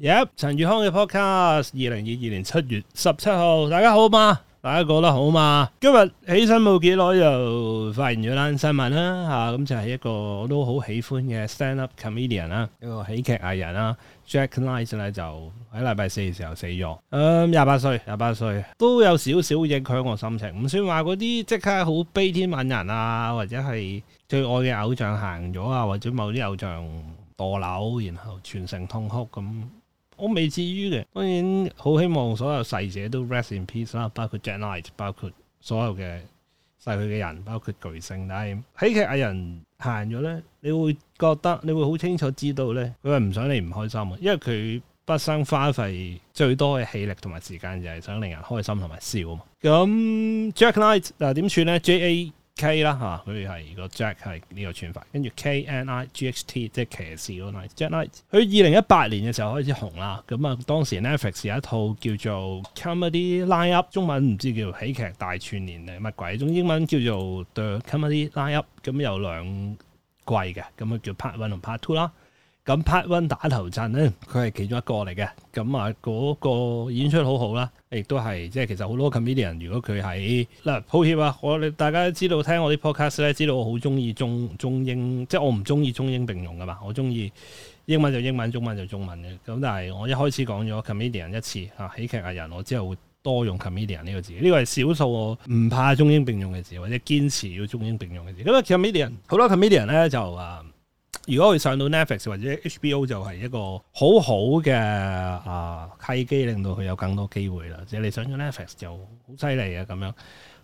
耶、yep！陳宇康嘅 podcast，二零二二年七月十七號，大家好嘛？大家過得好嘛？今日起身冇幾耐就發現咗單新聞啦、啊、嚇，咁、啊嗯、就係、是、一個我都好喜歡嘅 stand up comedian 啦、啊，一個喜劇藝人啦、啊、Jak Knight 咧就喺禮拜四嘅時候死咗，誒廿八歲，廿八歲都有少少影響我心情，唔算話嗰啲即刻好悲天憫人啊，或者係最愛嘅偶像行咗啊，或者某啲偶像墮樓，然後全城痛哭咁。我未至於嘅，當然好希望所有逝者都 rest in peace 啦，包括 Jak Knight，包括所有嘅逝去嘅人，包括巨星。但係喜劇藝人行咗咧，你會覺得你會好清楚知道咧，佢係唔想你唔開心啊，因為佢畢生花費最多嘅氣力同埋時間，就係想令人開心同埋笑啊嘛。咁 Jak Knight 嗱點算咧？J A K 啦嚇，佢係個 Jak 係呢個串法，跟住 K N I G H T 即係騎士嗰類 Knight。佢二零一八年嘅時候開始紅啦，咁啊當時 Netflix 有一套叫做《Comedy Line Up》，中文唔知叫《喜劇大串年》定乜鬼，一種英文叫做《The Comedy Line Up》。咁有兩季嘅，咁啊叫 Part One 同 Part Two 啦。咁 Patwin 打頭陣咧，佢係其中一個嚟嘅。咁啊，嗰、那個演出好好啦，亦都係即係其實好多 comedian 如果佢喺嗱，抱歉啊，我大家知道聽我啲 podcast 咧，知道我好中意中中英，即係我唔中意中英並用噶嘛，我中意英文就英文，中文就中文嘅。咁但係我一開始講咗 comedian 一次啊，喜劇藝、啊、人，我之後會多用 comedian 呢個字，呢、這個係少數我唔怕中英並用嘅字，或者堅持要中英並用嘅字。咁為 comedian 好多 comedian 咧就啊。如果佢上到 Netflix 或者 HBO 就係一個好好嘅啊契機，令到佢有更多機會啦。即係你上咗 Netflix 就好犀利啊咁樣。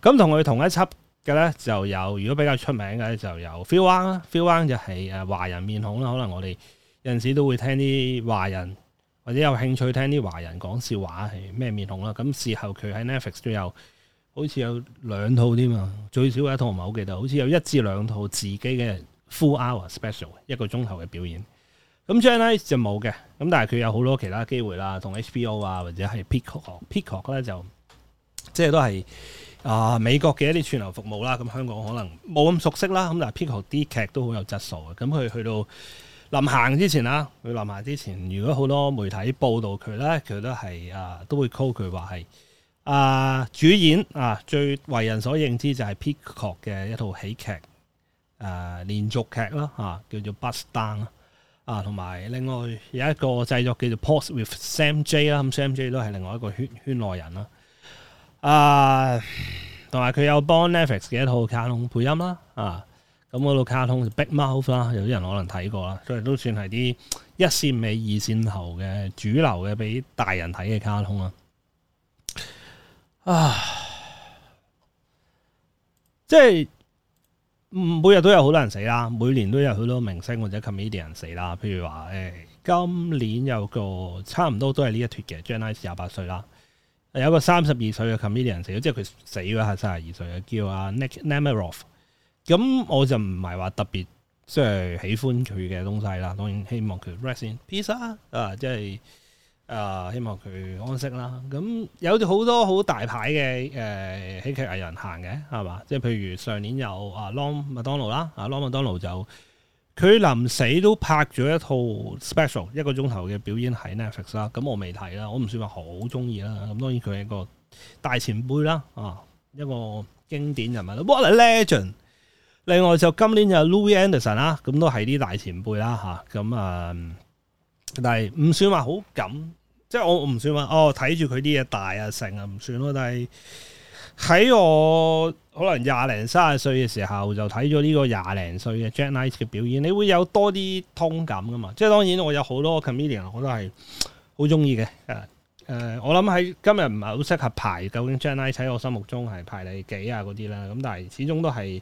咁同佢同一輯嘅咧就有，如果比較出名嘅就有 Run，啊《Feel One》啦，《Feel One》就係誒華人面孔啦。可能我哋有陣時都會聽啲華人或者有興趣聽啲華人講笑話係咩面孔啦。咁事後佢喺 Netflix 都有，好似有兩套添啊，最少有一套我唔係好記得，好似有一至兩套自己嘅。Full hour special，一個鐘頭嘅表演。咁 Janice 就冇嘅，咁但係佢有好多其他機會啦，同 HBO 啊或者係 Peacock，Peacock 呢咧就即係都係啊美國嘅一啲串流服務啦。咁、啊、香港可能冇咁熟悉啦，咁、啊、但係 Peacock 啲劇都好有質素嘅。咁、啊、佢去到臨行之前啦，佢、啊、臨行之前，如果好多媒體報道佢咧，佢都係啊都會 call 佢話係啊主演啊最為人所認知就係 Peacock 嘅一套喜劇。誒、啊、連續劇啦嚇、啊，叫做 Bust Down 啊，同埋另外有一個製作叫做 Pause with Sam Jay 啦、啊，咁、嗯、Sam Jay 都係另外一個圈圈內人啦、啊。誒、啊，同埋佢有幫 Netflix 嘅一套卡通配音啦。啊，咁嗰套卡通 Big Mouth 啦，有啲人可能睇過啦，所以都算係啲一,一線尾二線頭嘅主流嘅俾大人睇嘅卡通啦、啊。啊，即係。嗯，每日都有好多人死啦，每年都有好多明星或者 comedian 死啦。譬如話，誒、哎，今年有個差唔多都係呢一脱嘅 Jak Knight 廿八歲啦，有個三十二歲嘅 comedian 死咗，即係佢死咗係三十二歲嘅，歲叫阿 Nick Nemeroff。咁我就唔係話特別即係喜歡佢嘅東西啦，當然希望佢 rest in pizza 啊，即係。誒、啊、希望佢安息啦。咁有好多好大牌嘅誒喜劇藝人行嘅係嘛？即係譬如上年有阿朗麥當勞啦，阿朗麥當勞就佢臨死都拍咗一套 special 一個鐘頭嘅表演喺 Netflix 啦。咁我未睇啦，我唔算話好中意啦。咁當然佢係一個大前輩啦，啊一個經典人物啦，what a legend！另外就今年有 Louie Anderson 啦，咁都係啲大前輩啦嚇。咁啊，但係唔算話好感。即係我唔算話哦，睇住佢啲嘢大啊成啊唔算咯，但係喺我可能廿零三十歲嘅時候就睇咗呢個廿零歲嘅 Jak Knight 嘅表演，你會有多啲通感噶嘛？即係當然我有好多 Comedian 我都係好中意嘅，誒、呃、誒，我諗喺今日唔係好適合排，究竟 Jak Knight 喺我心目中係排第幾啊嗰啲啦？咁但係始終都係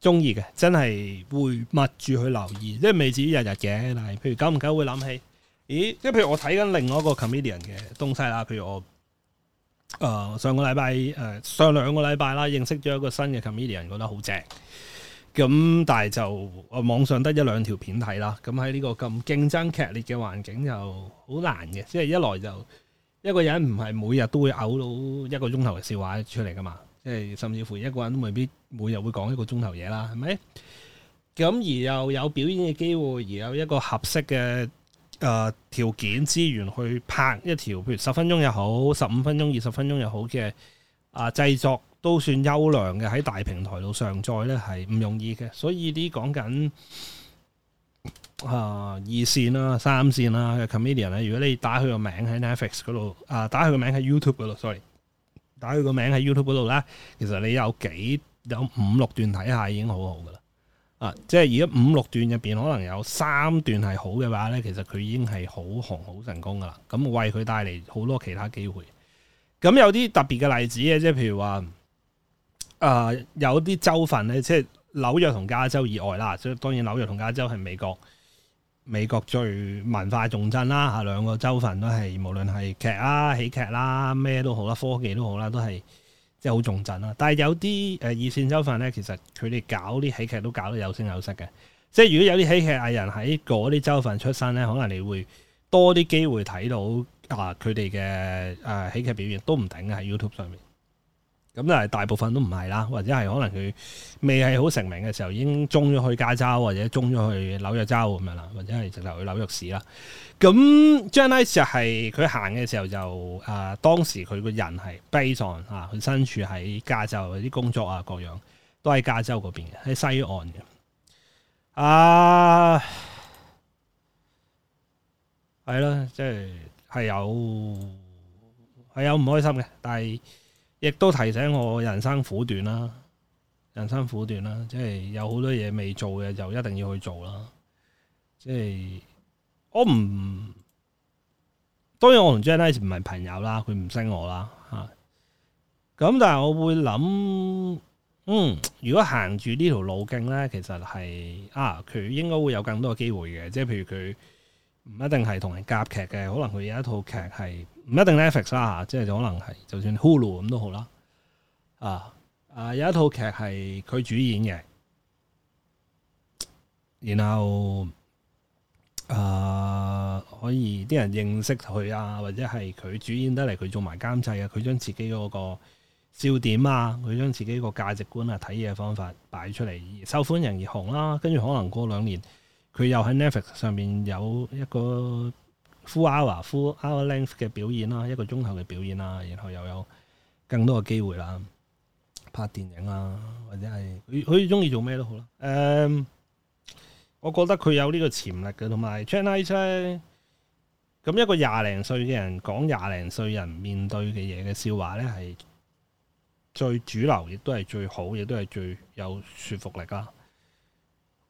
中意嘅，真係會密住去留意，即係未至於日日嘅。但係譬如久唔久會諗起。咦，即係譬如我睇緊另外一個 comedian 嘅東西啦，譬如我誒、呃、上個禮拜誒上兩個禮拜啦，認識咗一個新嘅 comedian，覺得好正。咁但係就誒網上得一兩條片睇啦，咁喺呢個咁競爭劇烈嘅環境就好難嘅，即係一來就一個人唔係每日都會嘔到一個鐘頭嘅笑話出嚟噶嘛，即係甚至乎一個人都未必每日會講一個鐘頭嘢啦，係咪？咁而又有表演嘅機會，而有一個合適嘅。誒、呃、條件資源去拍一條，譬如十分鐘又好，十五分鐘、二十分鐘又好嘅啊、呃、製作，都算優良嘅。喺大平台度上載咧，係唔容易嘅。所以啲講緊啊二線啦、啊、三線啦嘅 comedian 啊，的如果你打佢個名喺 Netflix 嗰度啊，打佢個名喺 YouTube 嗰度，sorry，打佢個名喺 YouTube 嗰度啦，其實你有幾有五六段睇下已經好好㗎喇。即係而家五六段入邊，可能有三段係好嘅話呢，其實佢已經係好紅好成功噶啦。咁為佢帶嚟好多其他機會。咁有啲特別嘅例子嘅，呃，即係譬如話，啊有啲州份咧，即係紐約同加州以外啦。所以當然紐約同加州係美國，美國最文化重鎮啦。啊，兩個州份都係無論係劇啦、喜劇啦，咩都好啦，科技都好啦，都係。即係好重鎮啦，但係有啲誒、呃、二線州份咧，其實佢哋搞啲喜劇都搞得有聲有色嘅。即係如果有啲喜劇藝人喺嗰啲州份出身咧，可能你會多啲機會睇到啊佢哋嘅誒喜劇表現都唔頂嘅喺 YouTube 上面。咁係大部分都唔係啦，或者係可能佢未係好成名嘅時候，已經中咗去加州或者中咗去紐約州咁樣啦，或者係直頭去紐約市啦。咁 Janice 就係佢行嘅時候就啊，當時佢個人係悲壯，佢身處喺加州啲工作啊各樣都喺加州嗰邊嘅，喺西岸嘅。啊，係啦，即係係有係有唔開心嘅，但係。亦都提醒我人生苦短啦，人生苦短啦，即係有好多嘢未做嘅就一定要去做啦。即係我唔，當然我同 Janice 唔係朋友啦，佢唔識我啦吓。咁但係我會諗，嗯，如果行住呢條路徑呢，其實係啊，佢應該會有更多嘅機會嘅。即係譬如佢唔一定係同人夾劇嘅，可能佢有一套劇係。唔一定 Netflix 啦，即係可能係就算 Hulu 咁都好啦。啊，啊，有一套劇係佢主演嘅，然後啊，可以啲人認識佢啊，或者係佢主演得嚟，佢做埋監製啊，佢將自己嗰個笑點啊，佢將自己個價值觀啊，睇嘢方法擺出嚟，受歡迎而紅啦。跟住可能過兩年，佢又喺 Netflix 上面有一個 full hour full hour length 嘅表演啦，一個鐘頭嘅表演啦，然後又有更多嘅機會啦，拍電影啊，或者係佢佢中意做咩都好啦。誒，嗯，我覺得佢有呢個潛力嘅，同埋 Chan Isaac。咁一個廿零歲嘅人講廿零歲人面對嘅嘢嘅笑話咧，係最主流，亦都係最好，亦都係最有説服力咯。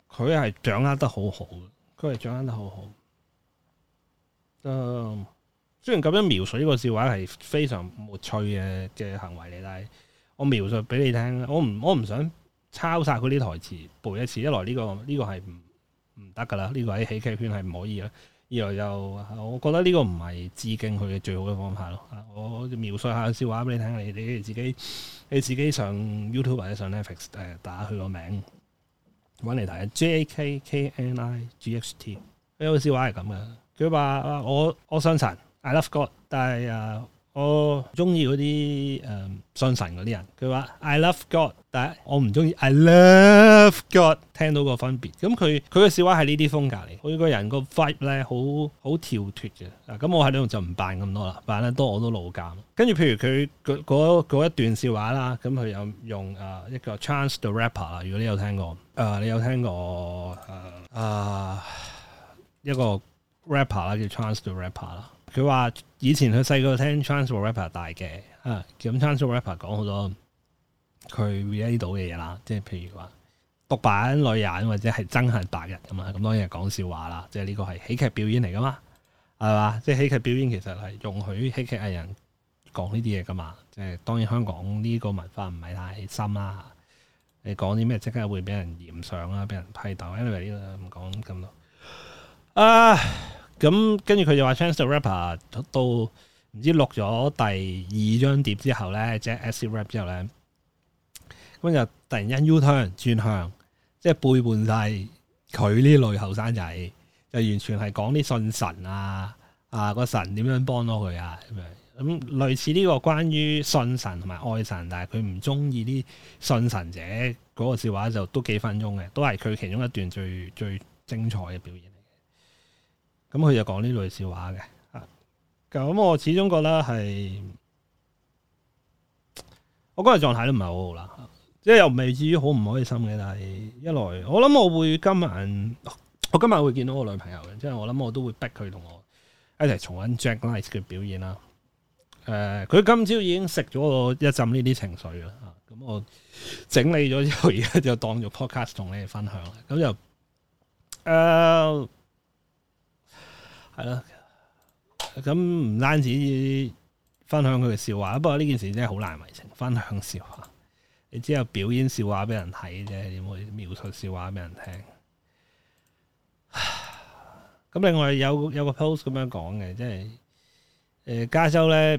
佢係掌握得好好嘅，佢係掌握得好好。嗯，雖然咁樣描述呢個笑話係非常無趣嘅嘅行為嚟，但係我描述俾你聽，我唔我唔想抄曬佢啲台詞背一次，一來呢個呢個係唔唔得噶啦，呢個喺喜劇圈係唔可以啦。二來又，我覺得呢個唔係致敬佢嘅最好嘅方法咯。我描述下個笑話俾你聽，你你自己你自己上 YouTube 或者上 Netflix 打佢個名搵嚟睇下。J A K K N I G H T 呢個笑話係咁嘅。佢話：我我傷神，I love God，但係、呃、我中意嗰啲誒傷神嗰啲人。佢話：I love God，但係我唔中意 I love God，聽到個分別。咁佢佢嘅笑話係呢啲風格嚟。佢個人個 vibe 咧好好跳脱嘅。咁我喺呢度就唔扮咁多啦，扮得多我都老尷。跟住譬如佢嗰嗰一段笑話啦，咁佢有用誒一個 Chance The Rapper，如果你有聽過誒、呃，你有聽過、呃呃、一個。rapper 啦，叫 Chance to rapper 啦。佢話以前佢細個聽 Chance to rapper 大嘅，啊，咁 Chance to rapper 講好多佢 read 到嘅嘢啦，即係譬如話毒品女人或者係真係白人咁嘛，咁當然係講笑話啦，即係呢個係喜劇表演嚟噶嘛，係嘛？即係喜劇表演其實係容許喜劇藝人講呢啲嘢噶嘛。即係當然香港呢個文化唔係太深啦，你講啲咩即刻會俾人嫌上啦，俾人批鬥。Anyway 唔講咁多。啊，咁跟住佢就話，Chance the rapper 到唔知錄咗第二張碟之後咧，即係 Acid Rap 之後咧，咁就突然間 Uturn 轉向，即係背叛晒佢呢類後生仔，就完全係講啲信神啊，啊個神點樣幫到佢啊咁樣，咁類似呢個關於信神同埋愛神，但係佢唔中意啲信神者嗰個笑話就都幾分鐘嘅，都係佢其中一段最最精彩嘅表演。咁佢就講呢類笑話嘅，咁我始終覺得係我嗰日狀態都唔係好好啦，即係又未至於好唔開心嘅，但係一來我諗我會今晚我今晚會見到我女朋友嘅，即係我諗我都會逼佢同我一齊重溫 Jak Knight 嘅表演啦。誒、呃，佢今朝已經食咗我一浸呢啲情緒啦，咁我整理咗之後，而家就當做 Podcast 同你哋分享啦。咁就誒。呃係咯，咁唔單止分享佢嘅笑話，不過呢件事真係好難為情。分享笑話，你只有表演笑話俾人睇啫，你會描述笑話俾人聽？咁另外有有個 post 咁樣講嘅，即係、呃、加州咧，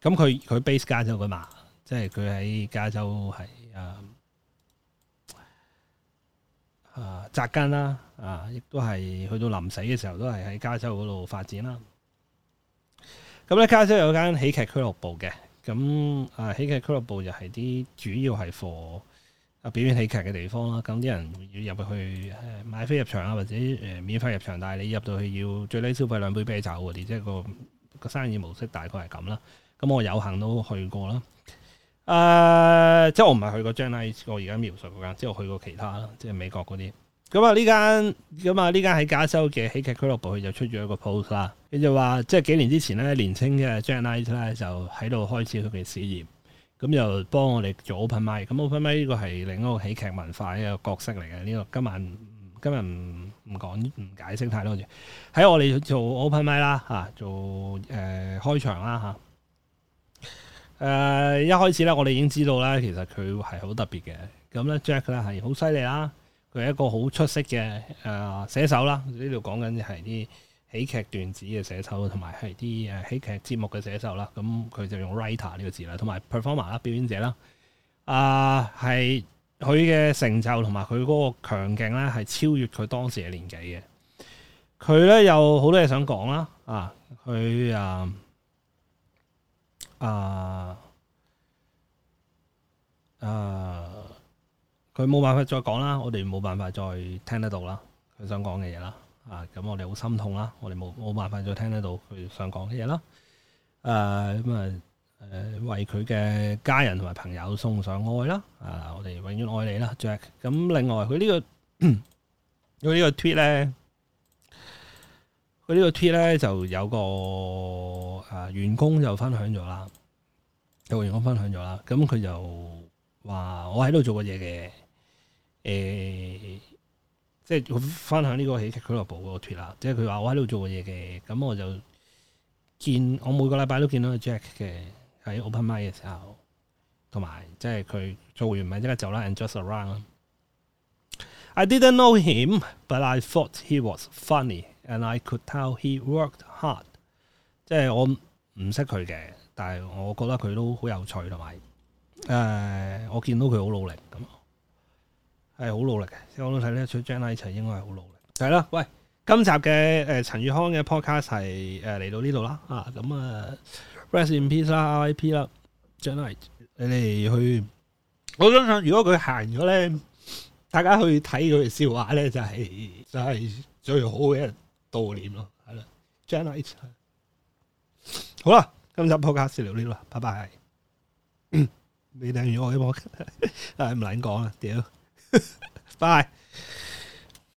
咁佢佢 base 加州噶嘛，即係佢喺加州係啊，扎根啦，啊，亦都係去到臨死嘅時候都係喺加州嗰度發展啦。咁、啊、咧，加州有間喜劇俱樂部嘅，咁啊喜劇俱樂部就係啲主要係做啊表演喜劇嘅地方啦。咁啲人要入去買飛入場啊，或者、呃、免費入場，但係你入到去要最低消費兩杯啤酒嘅，即係個，個生意模式大概係咁啦。咁我有幸都去過啦。誒、呃，即係我唔係去過 Jak Knight，我而家描述嗰間，即係我去過其他，即係美國嗰啲。咁啊呢間，咁啊呢間喺加州嘅喜劇俱樂部，佢就出咗一個 post 啦。佢就話，即係幾年之前咧，年青嘅 Jak Knight 咧就喺度開始佢嘅事業。咁就幫我哋做 open mic。咁 open mic 呢個係另一個喜劇文化嘅一個角色嚟嘅。呢個今晚，今日唔唔講，唔解釋太多嘢。喺我哋做 open mic 啦，嚇、呃，做誒開場啦，嚇、啊。誒、呃、一開始咧，我哋已經知道咧，其實佢係好特別嘅。咁咧，Jak 咧係好犀利啦。佢係一個好出色嘅誒、呃、寫手啦。呢度講緊係啲喜劇段子嘅寫手，同埋係啲誒喜劇節目嘅寫手啦。咁佢就用 writer 呢個字啦，同埋 performer 啦，表演者啦、呃。啊，係佢嘅成就同埋佢嗰個強勁咧，係超越佢當時嘅年紀嘅。佢咧有好多嘢想講啦。啊，佢啊～啊啊！佢冇辦法再講啦，我哋冇辦法再聽得到啦，佢想講嘅嘢啦。啊，咁我哋好心痛啦，我哋冇冇辦法再聽得到佢想講嘅嘢啦。誒咁啊誒，為佢嘅家人同埋朋友送上愛啦。啊，我哋永遠愛你啦，Jak。咁另外佢呢個佢呢個 tweet 咧。呢個貼咧就有個誒員工就分享咗啦，有個員工分享咗啦，咁佢就話我喺度做過嘢嘅，誒，即係分享呢個喜劇俱樂部個貼啦，即係佢話我喺度做過嘢嘅，咁我就見我每個禮拜都見到 Jak 嘅喺 Open Mic 嘅時候，同埋即係佢做完咪即刻走啦 and just around. I didn't know him, but I thought he was funny. And I could tell he worked hard。即係我唔識佢嘅，但係我覺得佢都好有趣，同埋，誒、呃，我見到佢好努力，咁係好努力嘅。即我都睇得出《Jak Knight 一齊應該係好努力。係啦，喂，今集嘅誒陳宇康嘅 podcast 係誒嚟到呢度啦，啊，咁啊、呃、Rest in peace 啦，R.I.P. 啦，Jak Knight，你哋去，我相信如果佢行咗咧，大家去睇佢笑話咧，就係、是、就係、是、最好嘅。悼念咯，係啦 j e n a 好啦，今集播卡先聊呢度啦，拜拜。嗯、你訂閱我嘅，唔難講啊，屌 拜，拜！